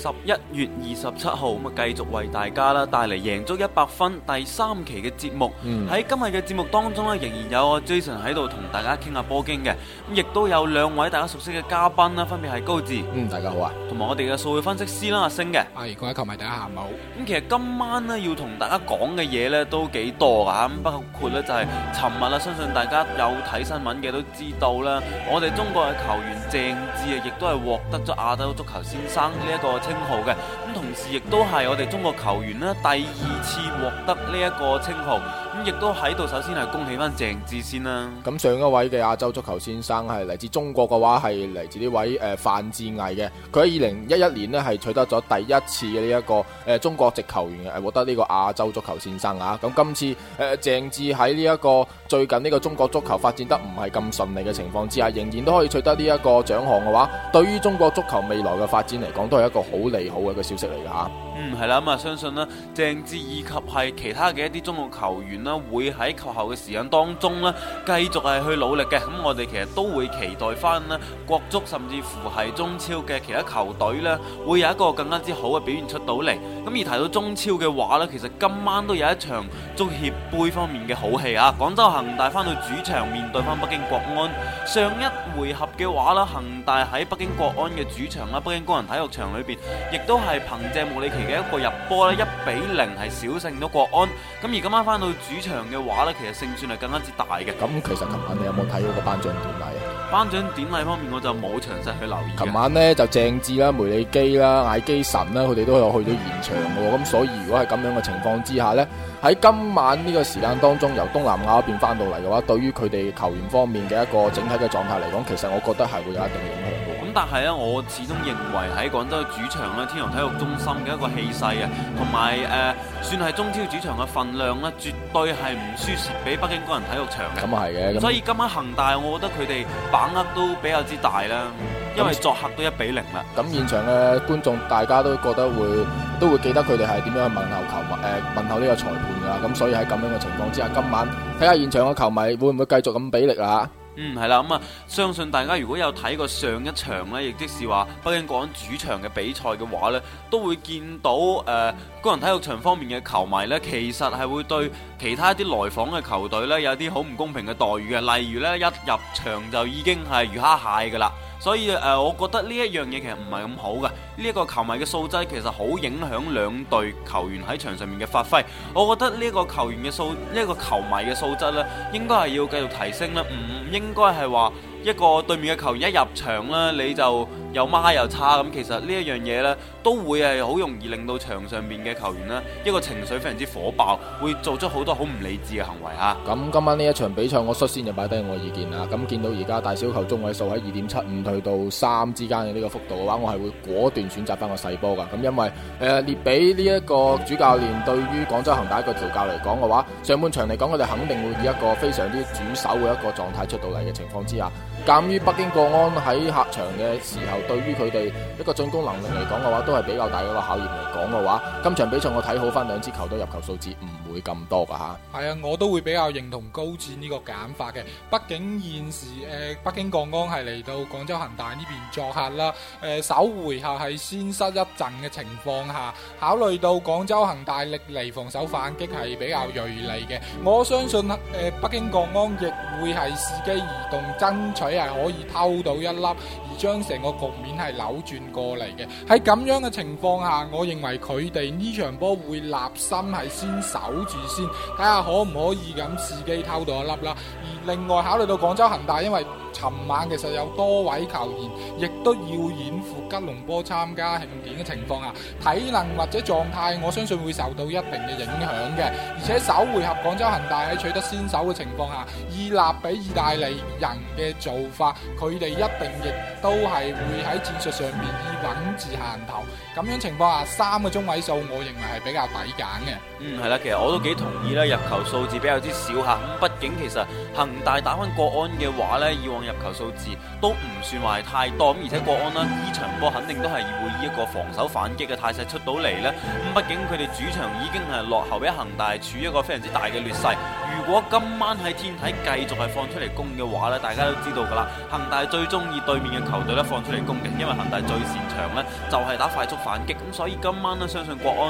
十一月二十七號，咁啊繼續為大家啦帶嚟贏足 100FUN 第三期嘅節目。喺、嗯、今日嘅節目當中咧，仍然有 Jason 喺度同大家傾下波經嘅，咁亦都有兩位大家熟悉嘅嘉賓啦，分別係高志、嗯，大家好啊，同埋我哋嘅數據分析師啦阿、嗯啊、星嘅，係各位球迷大家下午好。咁其實今晚咧要同大家講嘅嘢咧都幾多噶，咁包括咧就係，尋日啊相信大家有睇新聞嘅都知道啦、嗯，我哋中國嘅球員鄭智啊，亦都係獲得咗亞洲足球先生呢、這、一個。稱號嘅，咁同時亦都係我哋中國球員呢第二次獲得呢一個稱號。咁亦都喺度，首先係恭喜翻鄭智先啦。咁上一位嘅亞洲足球先生係嚟自中國嘅話，係嚟自呢位誒、呃、范志毅嘅。佢喺二零一一年呢，係取得咗第一次嘅呢一個誒、呃、中國籍球員嘅獲得呢個亞洲足球先生啊。咁今次誒鄭、呃、智喺呢一個最近呢個中國足球發展得唔係咁順利嘅情況之下，仍然都可以取得呢一個獎項嘅話，對於中國足球未來嘅發展嚟講，都係一個好利好嘅一個消息嚟噶吓。啊嗯，係啦，咁、嗯、啊，相信啦，鄭智以及係其他嘅一啲中國球員啦，會喺球後嘅時間當中啦，繼續係去努力嘅。咁我哋其實都會期待翻啦，國足甚至乎係中超嘅其他球隊咧，會有一個更加之好嘅表現出到嚟。咁而提到中超嘅話呢，其實今晚都有一場足協杯方面嘅好戲啊！廣州恆大翻到主場面對翻北京國安，上一回合嘅話啦，恒大喺北京國安嘅主場啦，北京工人體育場裏邊，亦都係憑借穆里奇嘅一個入波咧，一比零係小勝咗國安。咁而今晚翻到主場嘅話咧，其實勝算係更加之大嘅。咁其實琴晚你有冇睇嗰個頒獎典禮？頒獎典禮方面我就冇詳細去留意，琴晚咧就鄭智啦、梅里基啦、艾基臣啦，佢哋都有去到現場嘅，咁所以如果係咁樣嘅情況之下咧，喺今晚呢個時間當中由東南亞嗰邊翻到嚟嘅話，對於佢哋球員方面嘅一個整體嘅狀態嚟講，其實我覺得係會有一定影響。但係咧，我始終認為喺廣州嘅主場咧，天河體育中心嘅一個氣勢啊，同埋誒，算係中超主場嘅份量咧，絕對係唔輸蝕俾北京工人體育場嘅。咁啊係嘅。所以今晚恒大，我覺得佢哋把握都比較之大啦，因為作客都一比零啦。咁、嗯嗯、現場嘅觀眾大家都覺得會都會記得佢哋係點樣去問候球迷誒，問候呢個裁判噶。咁所以喺咁樣嘅情況之下，今晚睇下現場嘅球迷會唔會繼續咁俾力啊？嗯，係啦，咁、嗯、啊，相信大家如果有睇過上一場亦即是話北京國安主場嘅比賽嘅話都會見到誒，呃、工人體育場方面嘅球迷其實係會對其他啲來訪嘅球隊有啲好唔公平嘅待遇嘅，例如呢一入場就已經係魚蝦蟹噶啦，所以誒、呃，我覺得呢一樣嘢其實唔係咁好嘅，呢、這、一個球迷嘅素質其實好影響兩隊球員喺場上面嘅發揮，我覺得呢個球員嘅素，呢、這個球迷嘅素質咧，應該係要繼續提升啦，嗯應該係話一個對面嘅球員一入場啦，你就又孖又差咁，其實呢一樣嘢呢，都會係好容易令到場上面嘅球員呢，一個情緒非常之火爆，會做出好多好唔理智嘅行為吓。咁今晚呢一場比賽，我率先就擺低我意見啦。咁見到而家大小球中位數喺二點七五去到三之間嘅呢個幅度嘅話，我係會果斷選擇翻個細波噶。咁因為誒，呃，列比呢一個主教練對於廣州恒大一個調教嚟講嘅話，上半場嚟講，佢哋肯定會以一個非常之主守嘅一個狀態出到嚟嘅情況之下。鑒於北京國安喺客場嘅時候，對於佢哋一個進攻能力嚟講嘅話，都係比較大嘅一個考驗嚟講嘅話，今場比賽我睇好翻兩支球隊入球數字唔會咁多嘅吓。係啊，我都會比較認同高展呢個減法嘅。畢竟現時誒、呃，北京國安係嚟到廣州恒大呢邊作客啦。誒、呃，首回合係先失一陣嘅情況下，考慮到廣州恒大歷嚟防守反擊係比較銳利嘅，我相信誒、呃，北京國安亦會係伺機移動，爭取。你係可以偷到一粒，而將成個局面係扭轉過嚟嘅。喺咁樣嘅情況下，我認為佢哋呢場波會立心係先守住先，睇下可唔可以咁伺機偷到一粒啦。而另外考慮到廣州恒大，因為。尋晚其實有多位球員亦都要遠赴吉隆坡參加慶典嘅情況下，體能或者狀態，我相信會受到一定嘅影響嘅。而且首回合廣州恒大喺取得先手嘅情況下，以里皮意大利人嘅做法，佢哋一定亦都係會喺戰術上面以穩字行頭。咁樣情況下，三個中位數我認為係比較抵揀嘅。嗯，係啦，其實我都幾同意啦，入球數字比較之少吓。咁畢竟其實恒大打翻國安嘅話咧，以往。入球數字都唔算話係太多咁，而且國安呢，呢場波肯定都係會以一個防守反擊嘅態勢出到嚟呢。咁畢竟佢哋主場已經係落後俾恒大，處於一個非常之大嘅劣勢。如果今晚喺天體繼續係放出嚟攻嘅話呢，大家都知道噶啦，恒大最中意對面嘅球隊呢放出嚟攻嘅，因為恒大最擅長呢就係打快速反擊。咁所以今晚呢，相信國安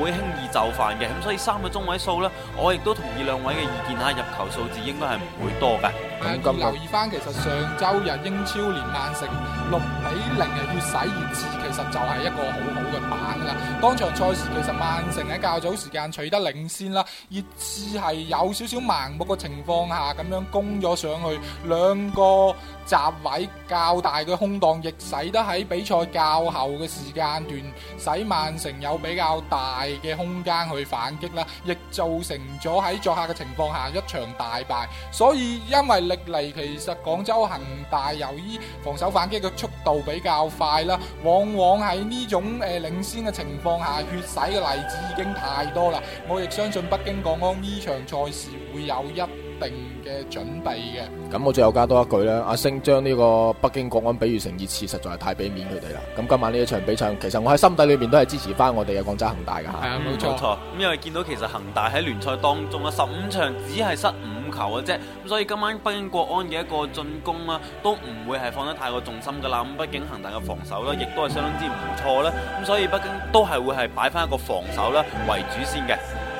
唔會輕易就範嘅。咁所以三個中位數呢，我亦都同意兩位嘅意見吓，入球數字應該係唔會多嘅。啊嗯、留意翻，其實上周日英超連曼城六比零係要洗熱刺，其實就係一個好好嘅班啦。當場賽事其實曼城喺較早時間取得領先啦，熱刺係有少少盲目嘅情況下咁樣攻咗上去，兩個閘位較大嘅空檔，亦使得喺比賽較後嘅時間段，使曼城有比較大嘅空間去反擊啦，亦造成咗喺作客嘅情況下一場大敗。所以因為。歷嚟，其實廣州恒大由於防守反擊嘅速度比較快啦，往往喺呢種誒、呃、領先嘅情況下，血洗嘅例子已經太多啦。我亦相信北京國安呢場賽事會有一定嘅準備嘅。咁我最後加多一句啦，阿、啊、星將呢個北京國安比喻成熱刺，實在係太俾面佢哋啦。咁今晚呢一場比賽，其實我喺心底裏面都係支持翻我哋嘅廣州恒大㗎吓，冇、嗯、錯。咁因為見到其實恒大喺聯賽當中啊，十五場只係失五球嘅啫，咁所以今晚北京國安嘅一個進攻啦，都唔會係放得太過重心噶啦，咁北京恒大嘅防守咧，亦都係相當之唔錯啦。咁所以北京都係會係擺翻一個防守啦為主先嘅，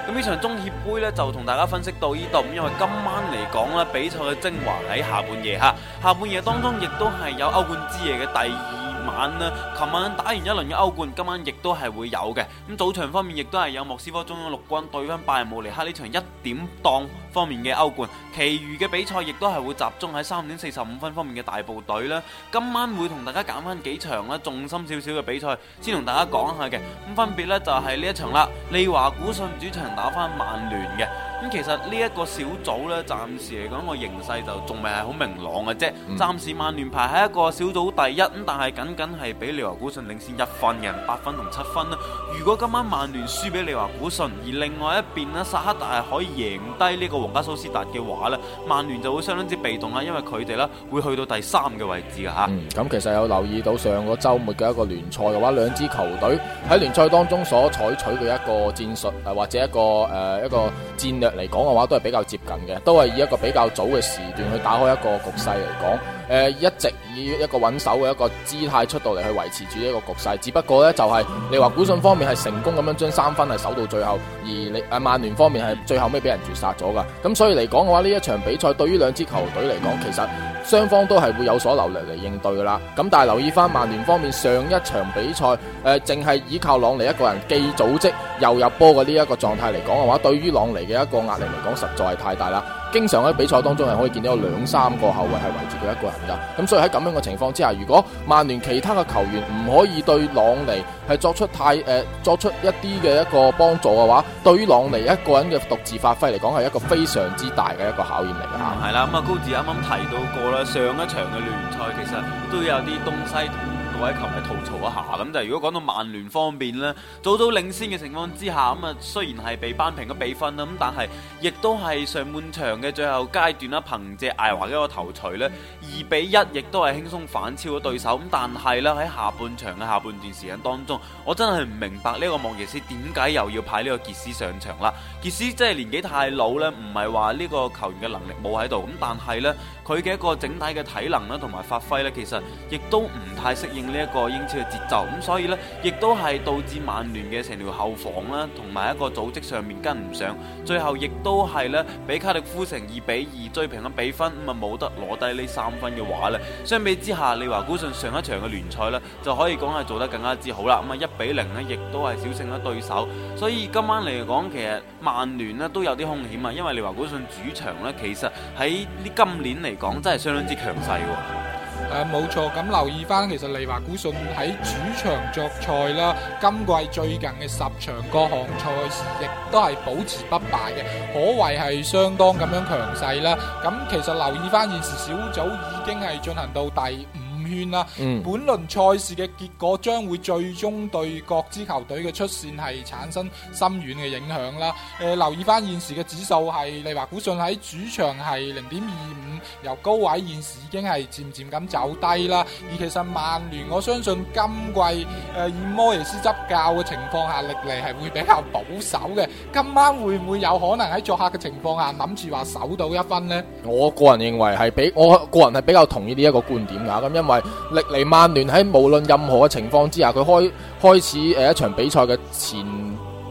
咁呢場中協杯咧就同大家分析到呢度，因為今晚嚟講咧比賽嘅精華喺下半夜吓，下半夜當中亦都係有歐冠之夜嘅第二晚啦，琴晚打完一輪嘅歐冠，今晚亦都係會有嘅。咁早場方面亦都係有莫斯科中央陸軍對翻拜仁慕尼黑呢場一點檔方面嘅歐冠，其餘嘅比賽亦都係會集中喺三點四十五分方面嘅大部隊啦。今晚會同大家揀翻幾場啦，重心少少嘅比賽先同大家講下嘅，咁分別咧就係呢一場啦，利華古信主場打翻曼聯嘅。咁其實呢一個小組咧，暫時嚟講個形勢就仲未係好明朗嘅啫。嗯、暫時曼聯排喺一個小組第一，咁但係緊。梗係比利華古信領先一分，人八分同七分啦。如果今晚曼聯輸俾利華古信，而另外一邊咧薩克達係可以贏低呢個皇家蘇斯達嘅話咧，曼聯就會相當之被動啦。因為佢哋咧會去到第三嘅位置啊。吓、嗯，咁其實有留意到上個周末嘅一個聯賽嘅話，兩支球隊喺聯賽當中所採取嘅一個戰術，誒或者一個誒、呃、一個戰略嚟講嘅話，都係比較接近嘅，都係以一個比較早嘅時段去打開一個局勢嚟講。誒、呃，一直以一個穩守嘅一個姿態出到嚟去維持住呢個局勢，只不過呢就係、是、你話，古信方面係成功咁樣將三分係守到最後，而你誒曼聯方面係最後尾俾人絕殺咗噶。咁所以嚟講嘅話，呢一場比賽對於兩支球隊嚟講，其實雙方都係會有所留力嚟應對噶啦。咁但係留意翻曼聯方面上一場比賽，誒、呃，淨係依靠朗尼一個人既組織又入波嘅呢一個狀態嚟講嘅話，對於朗尼嘅一個壓力嚟講，實在係太大啦。經常喺比賽當中係可以見到有兩三個後衛係圍住佢一個人噶咁所以喺咁樣嘅情況之下，如果曼聯其他嘅球員唔可以對朗尼係作出太誒、呃、作出一啲嘅一個幫助嘅話，對於朗尼一個人嘅獨自發揮嚟講，係一個非常之大嘅一個考驗嚟嘅吓。係啦，咁啊、嗯、高志啱啱提到過啦，上一場嘅聯賽其實都有啲東西。各位球迷吐槽一下咁就，如果講到曼聯方面咧，早早領先嘅情況之下，咁啊雖然係被扳平嘅比分啦，咁但係亦都係上半場嘅最後階段啦，憑借艾華嘅一個頭錘咧，二比一，亦都係輕鬆反超咗對手。咁但係咧喺下半場嘅下半段時間當中，我真係唔明白呢個莫耶斯點解又要派呢個傑斯上場啦？傑斯真係年紀太老咧，唔係話呢個球員嘅能力冇喺度，咁但係咧佢嘅一個整體嘅體能啦，同埋發揮咧，其實亦都唔太適應。呢一個英超嘅節奏，咁所以呢，亦都係導致曼聯嘅成條後防啦，同埋一個組織上面跟唔上，最後亦都係呢，比卡迪夫城二比二追平咗比分，咁啊冇得攞低呢三分嘅話呢。相比之下，利華古遜上一場嘅聯賽呢，就可以講係做得更加之好啦，咁啊一比零呢，亦都係小勝咗對手。所以今晚嚟講，其實曼聯呢都有啲兇險啊，因為利華古遜主場呢，其實喺呢今年嚟講真係相當之強勢。誒、啊，冇錯，咁留意翻，其實利華古信喺主場作賽啦，今季最近嘅十場各項賽事亦都係保持不敗嘅，可謂係相當咁樣強勢啦。咁其實留意翻，現時小組已經係進行到第五圈啦，本輪賽事嘅結果將會最終對各支球隊嘅出線係產生深遠嘅影響啦。誒，留意翻現時嘅指數係，利華古遜喺主場係零點二五，由高位現時已經係漸漸咁走低啦。而其實曼聯，我相信今季誒以摩耶斯執教嘅情況下，歷嚟係會比較保守嘅。今晚會唔會有可能喺作客嘅情況下諗住話守到一分咧？我個人認為係比我個人係比較同意呢一個觀點嘅，咁因為。歷嚟，曼聯喺無論任何嘅情況之下，佢開開始誒、呃、一場比賽嘅前，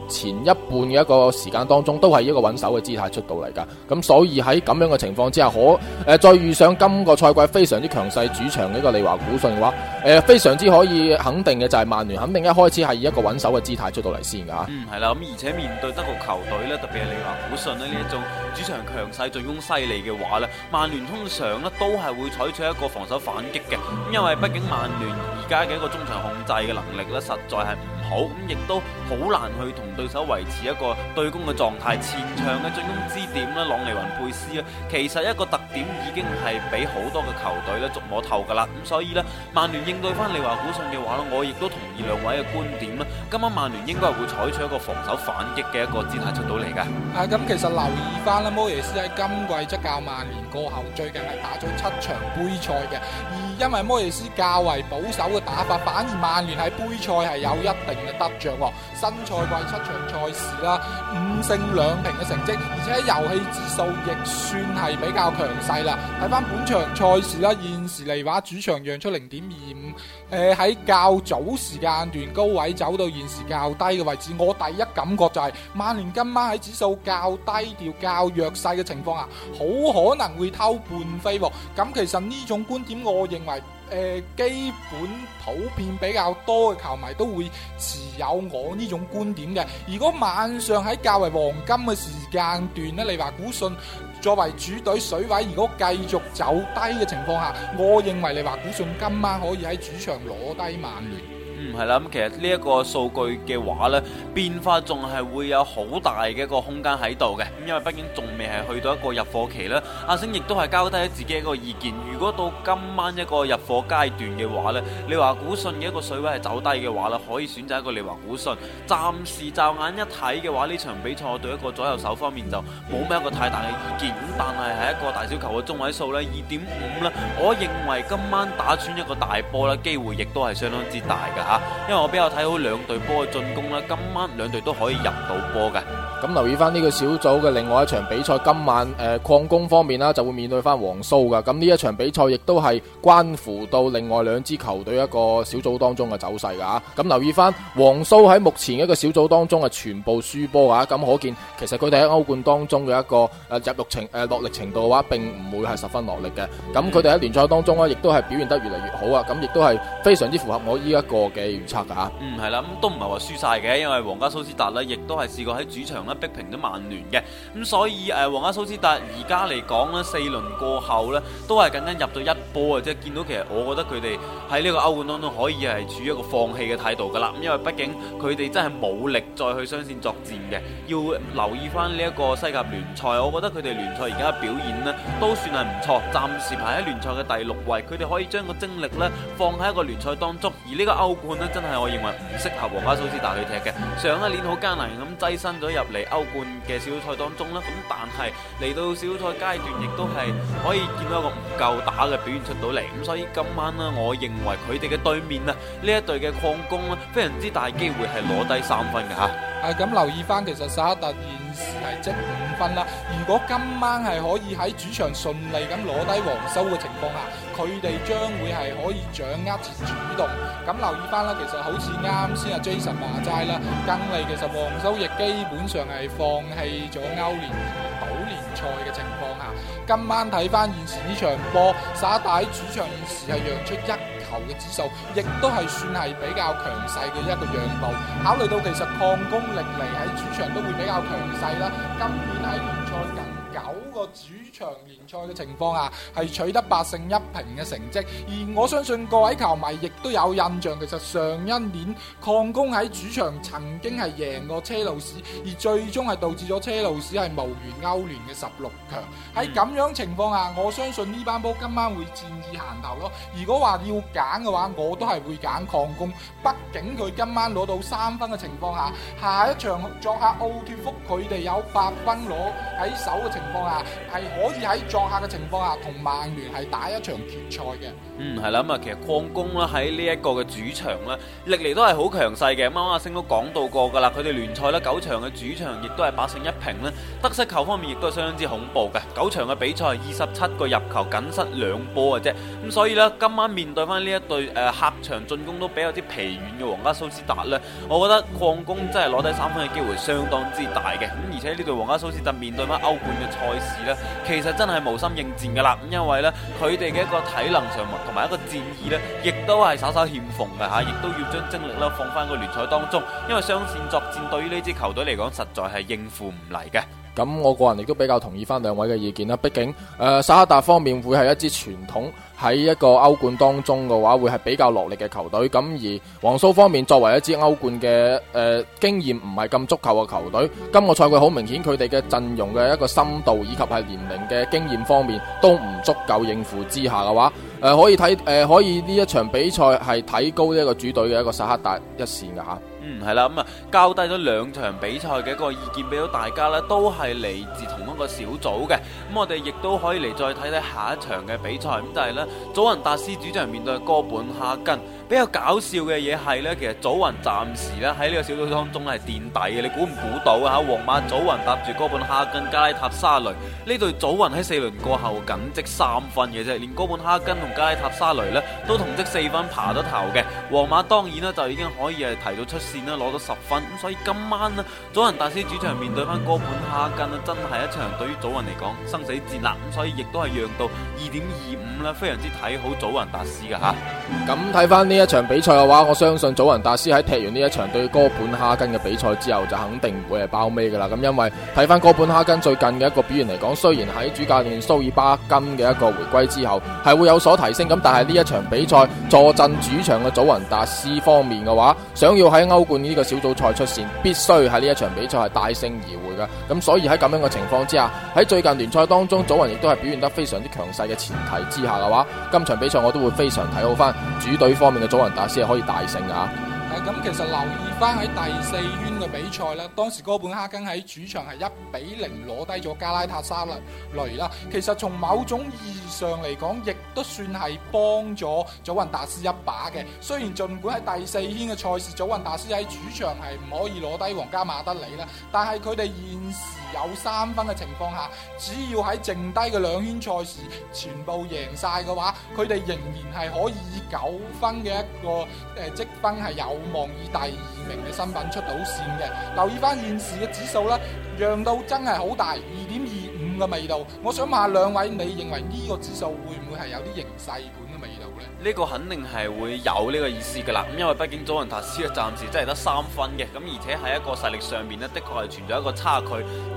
前一半嘅一個時間當中，都係一個穩守嘅姿態出到嚟噶咁所以喺咁樣嘅情況之下，可誒再遇上今個賽季非常之強勢主場嘅一個利華古遜嘅話，誒、呃、非常之可以肯定嘅就係曼聯肯定一開始係以一個穩守嘅姿態出到嚟先噶嗯，係啦。咁而且面對德國球隊咧，特別係利華古遜咧呢一種主場強勢進攻犀利嘅話咧，曼聯通常咧都係會採取一個防守反擊嘅。咁因為畢竟曼聯而家嘅一個中場控制嘅能力咧，實在係。好咁，亦都好難去同對手維持一個對攻嘅狀態，前場嘅進攻支點咧，朗尼雲佩斯其實一個特點已經係俾好多嘅球隊咧捉摸透噶啦，咁所以呢，曼聯應對翻利華古遜嘅話我亦都同意兩位嘅觀點啦。今晚曼聯應該係會採取一個防守反擊嘅一個姿態出到嚟嘅。啊，咁其實留意翻啦，摩耶斯喺今季執教曼聯過後，最近係打咗七場杯賽嘅。因為摩耶斯較為保守嘅打法，反而曼聯喺杯賽係有一定嘅得著。新賽季七場賽事啦，五勝兩平嘅成績，而且遊戲指數亦算係比較強勢啦。睇翻本場賽事啦，現時嚟話主場讓出零點二五，誒喺較早時間段高位走到現時較低嘅位置，我第一感覺就係、是、曼聯今晚喺指數較低調、較弱勢嘅情況下，好可能會偷半飛。咁其實呢種觀點，我認為。誒、呃，基本普遍比較多嘅球迷都會持有我呢種觀點嘅。如果晚上喺較為黃金嘅時間段咧，利華古遜作為主隊水位，如果繼續走低嘅情況下，我認為利華古遜今晚可以喺主場攞低曼聯。唔係啦，咁其實呢一個數據嘅話呢，變化仲係會有好大嘅一個空間喺度嘅，因為畢竟仲未係去到一個入貨期啦。阿星亦都係交低咗自己一個意見，如果到今晚一個入貨階段嘅話呢，利華古信嘅一個水位係走低嘅話啦，可以選擇一個利華古信。暫時驟眼一睇嘅話，呢場比賽我對一個左右手方面就冇咩一個太大嘅意見，咁但係係一個大小球嘅中位數呢，二點五呢，我認為今晚打穿一個大波呢，機會亦都係相當之大嘅。因為我比較睇好兩隊波嘅進攻啦，今晚兩隊都可以入到波嘅。咁留意翻呢個小組嘅另外一場比賽，今晚誒、呃、礦工方面啦就會面對翻黃蘇噶。咁呢一場比賽亦都係關乎到另外兩支球隊一個小組當中嘅走勢噶。吓，咁留意翻黃蘇喺目前一個小組當中係全部輸波啊，咁可見其實佢哋喺歐冠當中嘅一個誒入程誒、呃、落力程度嘅話，並唔會係十分落力嘅。咁佢哋喺聯賽當中呢亦都係表現得越嚟越好啊。咁亦都係非常之符合我依一個嘅。唔錯噶，唔係啦，咁都唔係話輸晒嘅，因為皇家蘇斯達呢亦都係試過喺主場咧逼平咗曼聯嘅，咁所以誒皇家蘇斯達而家嚟講咧四輪過後咧，都係僅僅入到一波啊，即係見到其實我覺得佢哋喺呢個歐冠當中可以係處於一個放棄嘅態度噶啦，因為畢竟佢哋真係冇力再去雙線作戰嘅，要留意翻呢一個西甲聯賽，我覺得佢哋聯賽而家嘅表現咧都算係唔錯，暫時排喺聯賽嘅第六位，佢哋可以將個精力呢放喺一個聯賽當中，而呢個歐冠。真係，我認為唔適合皇家蘇斯達去踢嘅。上一年好艱難咁擠身咗入嚟歐冠嘅小組賽當中啦。咁但係嚟到小組賽階段，亦都係可以見到一個唔夠打嘅表現出到嚟。咁所以今晚呢，我認為佢哋嘅對面啊，呢一隊嘅礦工呢，非常之大機會係攞低三分嘅。誒咁留意翻，其實沙達現時係積五分啦。如果今晚係可以喺主場順利咁攞低皇蘇嘅情況下，佢哋將會係可以掌握住主動。咁留意翻啦，其實好似啱先阿 Jason 話齋啦，近嚟其實皇蘇亦基本上係放棄咗歐聯、保聯賽嘅情況下，今晚睇翻現時呢場波，沙達喺主場現時係讓出一球嘅指數亦都係算係比較強勢嘅一個讓步。考慮到其實礦工歷嚟喺主場都會比較強勢啦，今年喺聯賽近九個主場聯賽嘅情況下，係取得八勝一平嘅成績，而我相信各位球迷亦都有印象，其實上一年礦工喺主場曾經係贏過車路士，而最終係導致咗車路士係無緣歐聯嘅十六強。喺咁樣的情況下，我相信呢班波今晚會戰意行頭咯。如果話要揀嘅話，我都係會揀礦工，畢竟佢今晚攞到三分嘅情況下，下一場作客奧脫福，佢哋有八分攞喺手嘅情況下。情況下係可以喺作客嘅情況下同曼聯係打一場決賽嘅。嗯，係啦咁啊，其實礦工咧喺呢一個嘅主場咧，歷嚟都係好強勢嘅。啱啱阿星都講到過噶啦，佢哋聯賽呢，九場嘅主場亦都係八勝一平咧，得失球方面亦都係相當之恐怖嘅。九場嘅比賽二十七個入球，僅失兩波嘅啫。咁所以呢，今晚面對翻，呢一隊誒，客場進攻都比較之疲軟嘅皇家蘇斯達呢，我覺得礦工真係攞低三分嘅機會相當之大嘅。咁而且呢隊皇家蘇斯達面對翻歐冠嘅。賽事呢，其實真係無心應戰嘅啦，因為呢，佢哋嘅一個體能上同埋一個戰意呢，亦都係稍稍欠奉嘅吓，亦、啊、都要將精力呢放翻個聯賽當中，因為雙線作戰對於呢支球隊嚟講，實在係應付唔嚟嘅。咁我個人亦都比較同意翻兩位嘅意見啦，畢竟誒、呃、薩克達方面會係一支傳統。喺一個歐冠當中嘅話，會係比較落力嘅球隊。咁而皇蘇方面，作為一支歐冠嘅誒、呃、經驗唔係咁足夠嘅球隊，今個賽季好明顯佢哋嘅陣容嘅一個深度以及係年齡嘅經驗方面都唔足夠應付之下嘅話，誒、呃、可以睇誒、呃、可以呢一場比賽係睇高呢一個主隊嘅一個薩克達一線㗎。嗯，係啦，咁、嗯、啊交低咗兩場比賽嘅一個意見俾到大家啦，都係嚟自同一個小組嘅。咁、嗯、我哋亦都可以嚟再睇睇下一場嘅比賽。咁就係咧，祖雲達斯主場面對哥本哈根。比較搞笑嘅嘢係咧，其實祖雲暫時咧喺呢個小組當中係墊底嘅。你估唔估到啊？吓，皇馬祖雲搭住哥本哈根、加拉塔沙雷呢隊，這對祖雲喺四輪過後僅積三分嘅啫，連哥本哈根同加拉塔沙雷咧都同積四分爬咗頭嘅。皇馬當然咧就已經可以係提到出。攞咗十分，咁所以今晚呢，祖雲達斯主場面對翻哥本哈根呢，真係一場對於祖雲嚟講生死戰啦，咁所以亦都係讓到二點二五啦，非常之睇好祖雲達斯噶吓。咁睇翻呢一場比賽嘅話，我相信祖雲達斯喺踢完呢一場對哥本哈根嘅比賽之後，就肯定會係包尾噶啦。咁因為睇翻哥本哈根最近嘅一個表現嚟講，雖然喺主教練蘇爾巴金嘅一個回歸之後係會有所提升，咁但係呢一場比賽坐鎮主場嘅祖雲達斯方面嘅話，想要喺歐冠呢個小組賽出線，必須喺呢一場比賽係大勝而回噶。咁所以喺咁樣嘅情況之下，喺最近聯賽當中，祖雲亦都係表現得非常之強勢嘅前提之下嘅話，今場比賽我都會非常睇好翻。主隊方面嘅祖雲達斯係可以大勝嘅吓、啊。誒，咁其實留意翻喺第四圈嘅比賽啦，當時哥本哈根喺主場係一比零攞低咗加拉塔沙律雷啦。其實從某種意義上嚟講，亦都算係幫咗祖雲達斯一把嘅。雖然儘管喺第四圈嘅賽事，祖雲達斯喺主場係唔可以攞低皇家馬德里啦，但係佢哋現時，有三分嘅情況下，只要喺剩低嘅兩圈賽事全部贏晒嘅話，佢哋仍然係可以以九分嘅一個誒積、呃、分係有望以第二名嘅身份出到線嘅。留意翻現時嘅指數啦，讓到真係好大二點二五嘅味道。我想問下兩位，你認為呢個指數會唔會係有啲形勢？呢個肯定係會有呢個意思噶啦，咁因為畢竟祖雲達斯啊，暫時真係得三分嘅，咁而且喺一個實力上面呢，的確係存在一個差距。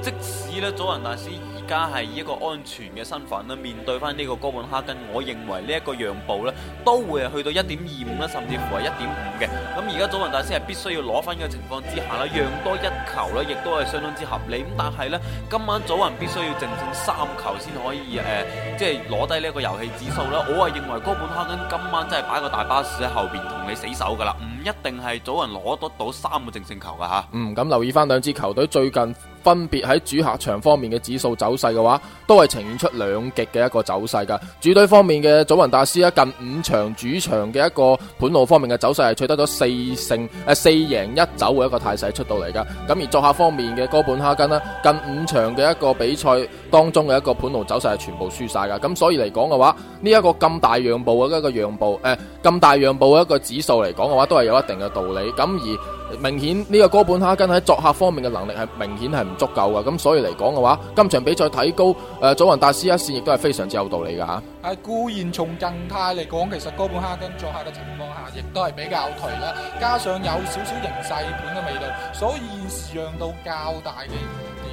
即使呢，祖雲達斯而家係以一個安全嘅身份呢面對翻呢個哥本哈根，我認為呢一個讓步呢都會係去到一點二五啦，甚至乎係一點五嘅。咁而家祖雲達斯係必須要攞翻嘅情況之下呢，讓多一球呢亦都係相當之合理。咁但係呢，今晚祖雲必須要淨勝三球先可以誒。呃即係攞低呢一個遊戲指數啦。我啊認為哥本哈根今晚真係擺個大巴士喺後邊同你死守㗎啦，唔一定係早人攞得到三個淨勝球㗎吓。嗯，咁留意返兩支球隊最近。分別喺主客場方面嘅指數走勢嘅話，都係呈現出兩極嘅一個走勢噶。主隊方面嘅祖雲達斯近五場主場嘅一個盤路方面嘅走勢係取得咗四勝誒四贏一走嘅一個態勢出到嚟噶。咁而作客方面嘅哥本哈根呢，近五場嘅一個比賽當中嘅一個盤路走勢係全部輸晒噶。咁所以嚟講嘅話，呢、這、一個咁大讓步嘅一個讓步誒咁、呃、大讓步嘅一個指數嚟講嘅話，都係有一定嘅道理。咁而明顯呢個哥本哈根喺作客方面嘅能力係明顯係唔足夠嘅，咁所以嚟講嘅話，今場比賽睇高誒祖、呃、雲達斯一線亦都係非常之有道理㗎。吓。係固然從近態嚟講，其實哥本哈根作客嘅情況下，亦都係比較頹啦，加上有少少形勢盤嘅味道，所以現時讓到較大嘅。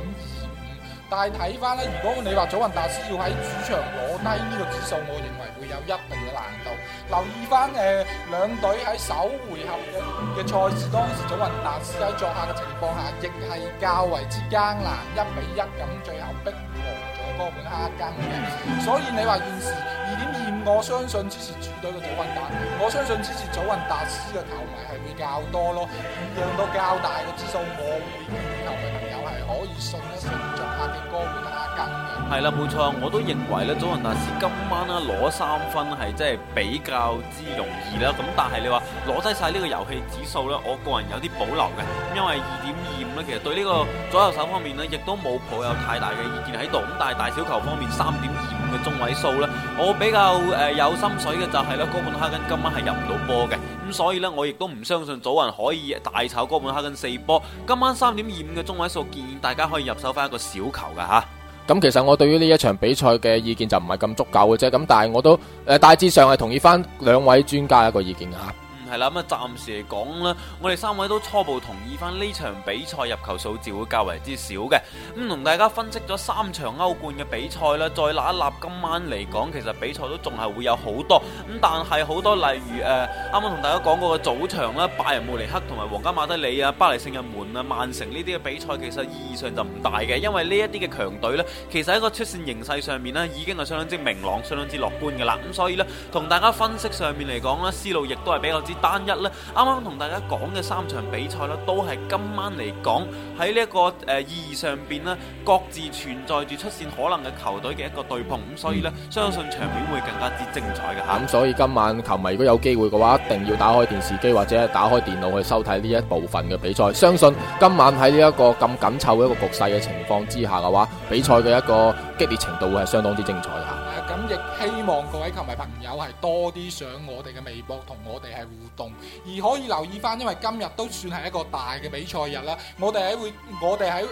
但係睇翻咧，如果你話祖雲達斯要喺主場攞低呢個指數，我認為會有一定嘅難度。留意翻誒、呃，兩隊喺首回合嘅嘅賽事，當時祖雲達斯喺作客嘅情況下，亦係較為之艱難一比一咁，1 :1, 最後逼和咗哥本哈根嘅。所以你話現時。二點二五，我相信支持主隊嘅祖雲達，我相信支持祖雲達斯嘅球迷係會較多咯，讓到較大嘅指數，我會球迷朋友係可以信一信，就拍啲哥本哈根嘅。係啦，冇錯，我都認為咧，祖雲達斯今晚咧攞三分係真係比較之容易啦。咁但係你話攞低曬呢個遊戲指數咧，我個人有啲保留嘅，因為二點二五咧，其實對呢個左右手方面咧，亦都冇抱有太大嘅意見喺度。咁但係大小球方面三點二五嘅中位數咧。我比較誒有心水嘅就係咧，哥本哈根今晚係入唔到波嘅。咁所以呢，我亦都唔相信祖雲可以大炒哥本哈根四波，今晚三點二五嘅中位數建議大家可以入手翻一個小球噶吓。咁其實我對於呢一場比賽嘅意見就唔係咁足夠嘅啫，咁但係我都誒大致上係同意翻兩位專家的一個意見啊。係啦，咁啊暫時嚟講呢，我哋三位都初步同意翻呢場比賽入球數字會較為之少嘅。咁、嗯、同大家分析咗三場歐冠嘅比賽啦，再納一立今晚嚟講，其實比賽都仲係會有好多。咁但係好多例如誒，啱啱同大家講過嘅早場啦，拜仁慕尼黑同埋皇家馬德里啊，巴黎聖日門啊，曼城呢啲嘅比賽，其實意義上就唔大嘅，因為呢一啲嘅強隊呢，其實喺個出線形勢上面呢，已經係相當之明朗、相當之樂觀噶啦。咁所以呢，同大家分析上面嚟講呢，思路亦都係比較之。單一呢，啱啱同大家講嘅三場比賽呢，都係今晚嚟講喺呢一個誒、呃、意義上邊呢，各自存在住出線可能嘅球隊嘅一個對碰，咁所以呢，相信場面會更加之精彩嘅吓。咁所以今晚球迷如果有機會嘅話，一定要打開電視機或者打開電腦去收睇呢一部分嘅比賽。相信今晚喺呢一個咁緊湊嘅一個局勢嘅情況之下嘅話，比賽嘅一個激烈程度會係相當之精彩嘅。希望各位球迷朋友係多啲上我哋嘅微博同我哋係互動，而可以留意翻，因為今日都算係一個大嘅比賽日啦。我哋喺會，我哋喺，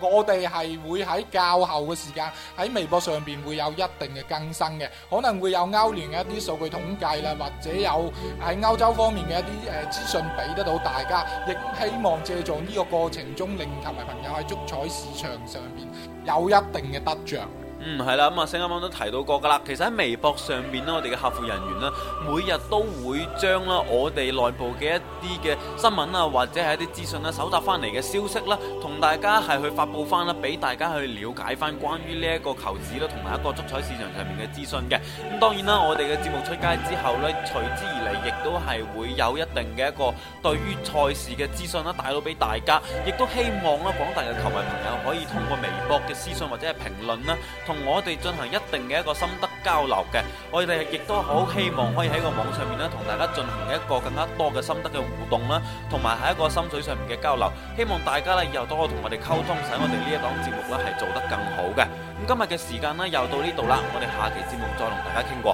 我哋係會喺較後嘅時間喺微博上邊會有一定嘅更新嘅，可能會有歐聯嘅一啲數據統計啦，或者有喺歐洲方面嘅一啲誒資訊俾得到大家。亦希望借助呢個過程中令球迷朋友喺足彩市場上邊有一定嘅得着。嗯，係啦，咁、嗯、啊，先啱啱都提到過噶啦。其實喺微博上面呢，我哋嘅客戶人員呢，每日都會將啦我哋內部嘅一啲嘅新聞啊，或者係一啲資訊啦，搜集翻嚟嘅消息啦，同大家係去發佈翻啦，俾大家去了解翻關於呢一個球市啦，同埋一個足彩市場上面嘅資訊嘅。咁、嗯、當然啦，我哋嘅節目出街之後呢，隨之而嚟亦都係會有一定嘅一個對於賽事嘅資訊啦，帶到俾大家。亦都希望呢廣大嘅球迷朋友可以通過微博嘅私信或者係評論啦。同我哋進行一定嘅一個心得交流嘅，我哋亦都好希望可以喺個網上面呢，同大家進行一個更加多嘅心得嘅互動啦，同埋喺一個心水上面嘅交流。希望大家呢，以後多同我哋溝通，使我哋呢一檔節目呢係做得更好嘅。咁今日嘅時間呢，又到呢度啦，我哋下期節目再同大家傾過。